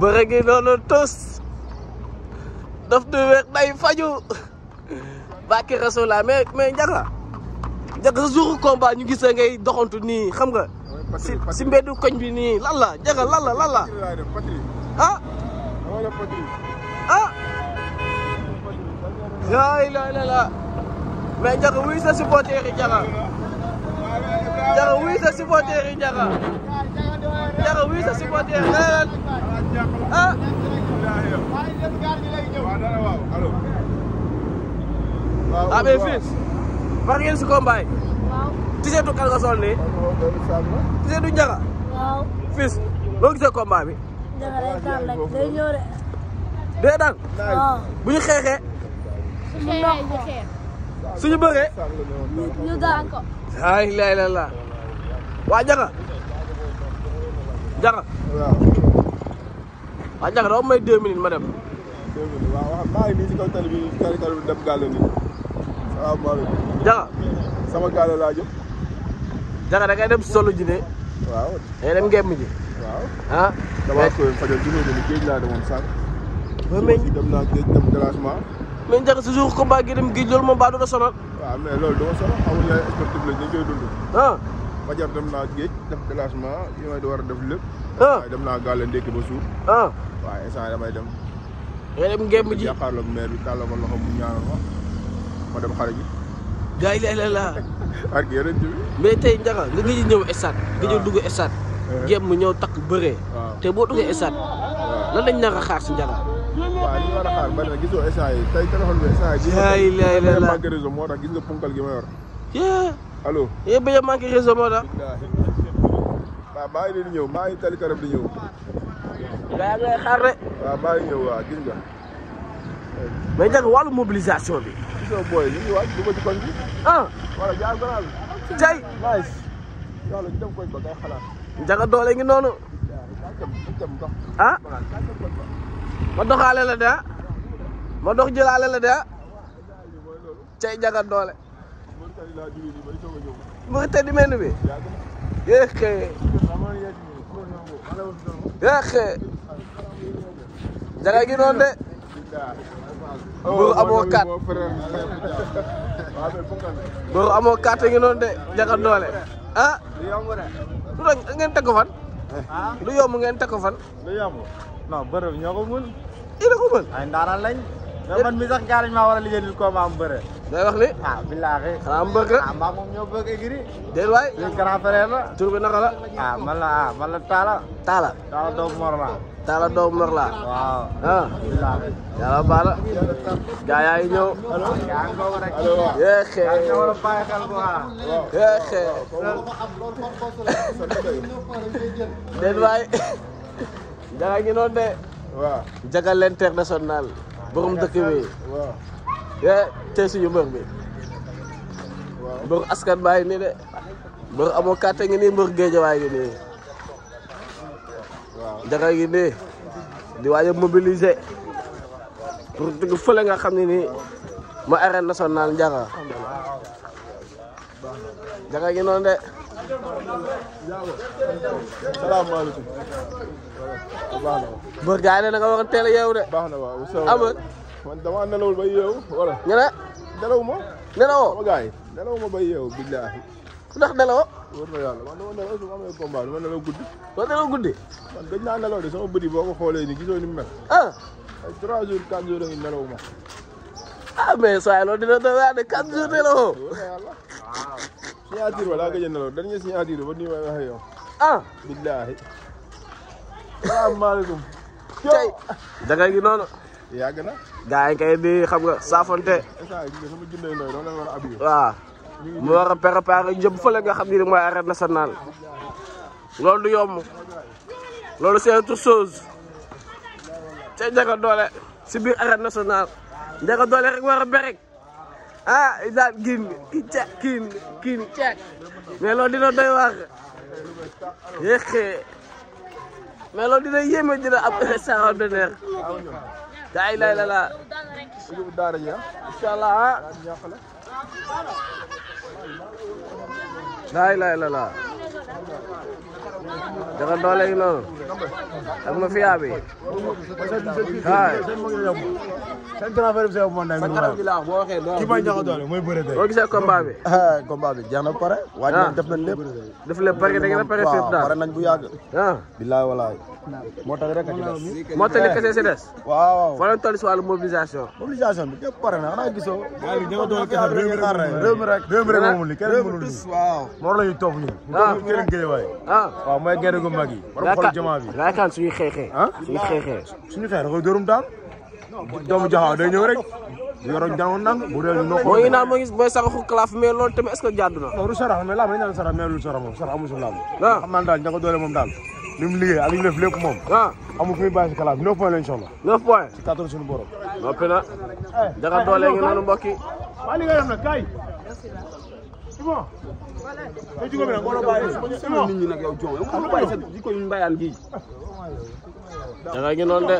bëre ngi noonu tos daf du weex day faju bàkki rasulaa mais mais njaga njaga sa jour ñu gis ngay doxantu nii xam nga si si mbeddu koñ bi nii lan la njaga lan la lan laa ilaaha illallaah mais njaga wuy sa supporter yi njaga wuy sa supporter yi njaga wuy sa supporter ah. waaw ah mais fils. si combat yi. waaw. tiseetu kan nga sol nii. tiseetu njaga. waaw. fils bi. njaga day daan bu ñu xeexee. suñu xeexee bëree. ay la waa njaga. njaga. waaw ñàkk dafa may deux minutes ma dem. deux minutes waaw wax maa ngi nii dem gàlle nii salaamaaleykum. sama gàlle laa jëm. Diakha dem solo ji ne. waaw da ngay dem ngeem ji. waaw ah. damaa koy fajal ji nga géej laa dem naa géej dem dérangement. mais Diakha si suuf gi dem géej loolu moom baa du la sonal. waaw loolu dama sonal xamuñu ay sportif dem naa géej def dérangement yi may war a def lépp. ah dem naa gàlle ndékki ba suur. ah. waaw instant damay dem. nga dem ngemb ji jàkkaarloog maire bi tàllal ko loxo mu ñaanal ma ma dem xare ji. gars yi mais tey njaga nga gëj ñëw stade. waaw gëj a dugg stade. Eh. ngemb ñëw takk bëree. te boo duggee stade. lan lañ nar a xaar si njaga. waaw li a xaar bari na yi tey téléphone bi instant yi. gars yi la la la manqué réseau moo tax gis nga punkal gi ma yor. allo. yéen eh, bañ a manqué réseau moo tax. maa ngi leen di ñëw maa ngi tali karab di ñëw. gaa ngay xaar rek. mobilisation bi. gis nga booy ñu ngi waaj ah. doole ngi noonu. ah. ma doxaale la de ah. ma dox jëlaale la de ah. tey njaga doole. mu ngi tëdd bi. yéexee. jaga gi noonu de. mburu amoo carte mburu amoo carte gi noonu de jaga doole ah. lu ngeen teg fan. lu yomb ngeen teko fan. lu yomb non bërëb ñoo ko mën. ina ko mën ay ndaanaan lañ. man mi sax gaa lañ maa war a liggéeyal combat am bëre. day wax li ah billaahi. xanaa am bëgg. ah maa moom ñoo bëgg écrit. déedéet waay. suñu grand frère la. tur bi naka la. ah man la ah man la Talla. Talla. Talla doomu Mor la. Talla doomu Mor la. waaw. ah. billaahi. yàlla baal la. gaa yaa ngi ñëw. yaa ngi bokk rek. yeexee. yaa ngi war a bàyyi xel bu baax. yeexee. déedéet waay. jaga ngi noonu de. waaw. jagal l'international. borom dëkk bi waaw eh, tey suñu mbër bi mbër askan baa ngi de mbër amoo ngi nii mbër géejawaay ngi nii jaxa ngi nii di waaj a mobiliser pour dugg fële nga xam ni ni ma arène nationale jaxa jaxa ngi noonu de salaamaaleykum baax na mbër gars yi ne da nga waxoon teel a yeewu de. baax na waaw amul. Ah, man damaa nelawul ba yeewu wala. nga ne. nelawu ma. nelawoo sama gars yi nelawu ma ba yeewu billaahi. ndax nelawoo. wóor na yàlla man dama nelaw su ma amee combat dama nelaw guddi. doo nelaw guddi. man gëj naa nelaw de sama bët yi boo ko xoolee nii gisoo ni mu mel. ah. ay trois jours quatre jours yi nelawu ma. ah mais saa loolu dina doon wax ne quatre jours nelawoo. wóor na yàlla. signature ba laa gëj a nelaw dañuy signature ba nii may waxee yow. ah billaahi. salaamaaleykum. tey dangay gi noonu. yàgg na. gars yi kay di xam nga saafonte. waaw. mu war a préparer nga xam ni mooy arène nationale. loolu du yomb. loolu c'est autre chose. te Ndiaga Dolé si biir arène nationale. Ndiaga Dolé rek war berek. ah daal kiin ki ca kiin kiin caag. dina doy waar. yéexee. mais loolu dina yéeme dina am instant ordinaire. daa ilaha illallah. incha allah. daa ah. ilaha illallah. dafa doole gi noonu ak ma fiyaa bi ah. kii may ñax a doole mooy bëre tey. boo gisee combat bi. Ah, combat bi jeex na pare. waaj nañ ah. def nañ lépp. def lépp parce que da ngeen a pare fépp daal pare nañ bu yàgg. ah bilaay walaay. moo tax rek a ci des. moo tax li kese si des. waaw fa lañ toll si wàllu mobilisation. mobilisation bi képp pare na xanaa gisoo. waaw ñax a doole kese réew mi rek réew mi rek. réew mi rek moomul li kenn mënul li. waaw. moo la ñuy topp ñu. Ah. ah waaw mooy gerte kilifa mag yi. war a xool jamaa bi laakaan suñuy xeexee. ah suñuy xeexee. suñu xeex dafay dóorum daal. doomu jaxaw day ñëw rek. yoroon jàngoon nang bu dee noo. moo ngi naan moo ngi mooy saxaxu kalaaf mais loolu tamit est-ce moom sarax amul si laam. waaw doole moom daal. li liggéey ak li moom. ah amul fu kalaaf neuf points lañ soxla. neuf points ci kàttan suñu borom. noppi na. Eh, jaga doole eh, ngi noonu mbokk bon. tey jugee bi nag waroo bàyyi. c'est bon nit ñi nag yow joo yow xam nga bàyyi sa jikko yu ñu bàyyaan gii. danga ngi noonu de.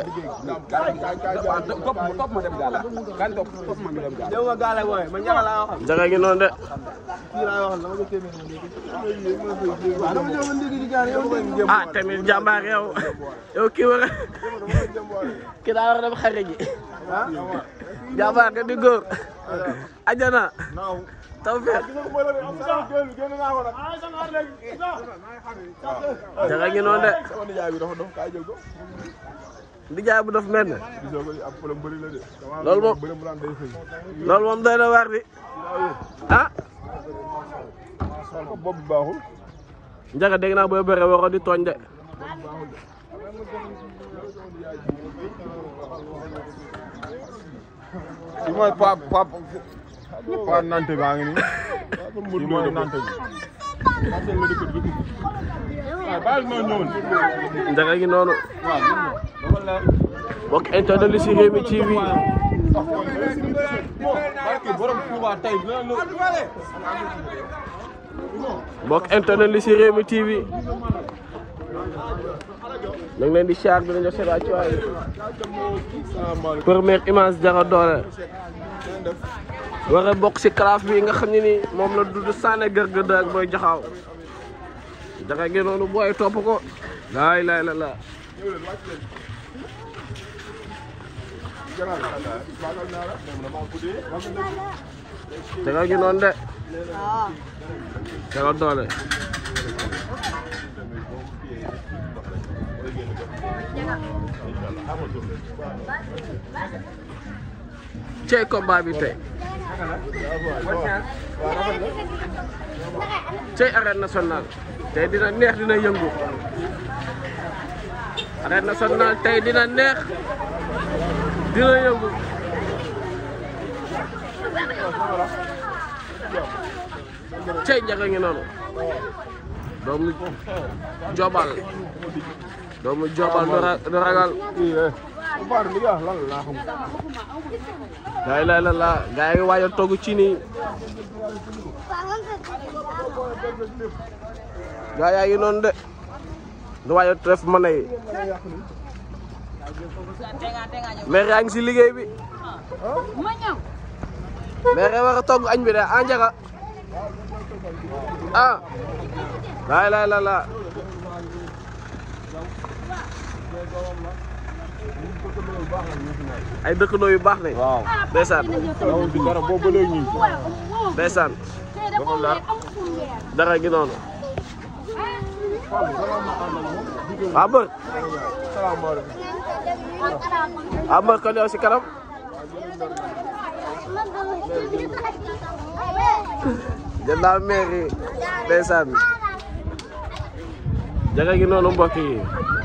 topp topp ma dem gaala. kan topp topp ma ñu dem gaala. yow gaala booy ma ñaxa laa waxal. danga ngi noonu de. kii laa waxal dama ko téeméer ma léegi. waaw dama jëloon léegi di gaala yow. ah tamit jàmbaar yow yow kii war a kii daa war a dem xare ji. Ah? jàmbaar nga di góor. Ah. ajana. tawfeex jaxa ngi noonu de ndijaay ah, bu dof mel loolu moom loolu moom doy na waar bi ah boobu baaxul njaga dégg naa di tooñ de waa nante baa ngi ma ñëwoon. noonu. mbokk internet li si réew mi TV. mbokk internet li si réew di char bi nañu seet ci waay première image Diaga war a bokk si kalaaf bi nga xam ne ni moom la Doudou Sané gërgëd ak booy jaxaaw jaxe gi noonu booy topp ko laay laay la laa jaxe gi noonu de jaxe doole cey combat bi tey cey arène nationale tey dina neex dina yëngu arène nationale tey dina neex dina yëngu cey njaga ngi noonu doomu jobal doomu jobal du ragal Oumar li nga gaa yi la la la gaa yi waaj togg ci nii. yaa ngi noonu de. du waaj a def mën a yi. maire yaa ngi si liggéey bi. maire war a añ bi de ah njëkk ah. gaa yi ay dëkkandoo yu baax lañ. waaw ndeysaan. dara boo bëlee ñu. ndeysaan. gi noonu. waaw mbër. waaw mbër kon yow si kanam. jël naa mairie gi noonu mbokk yi.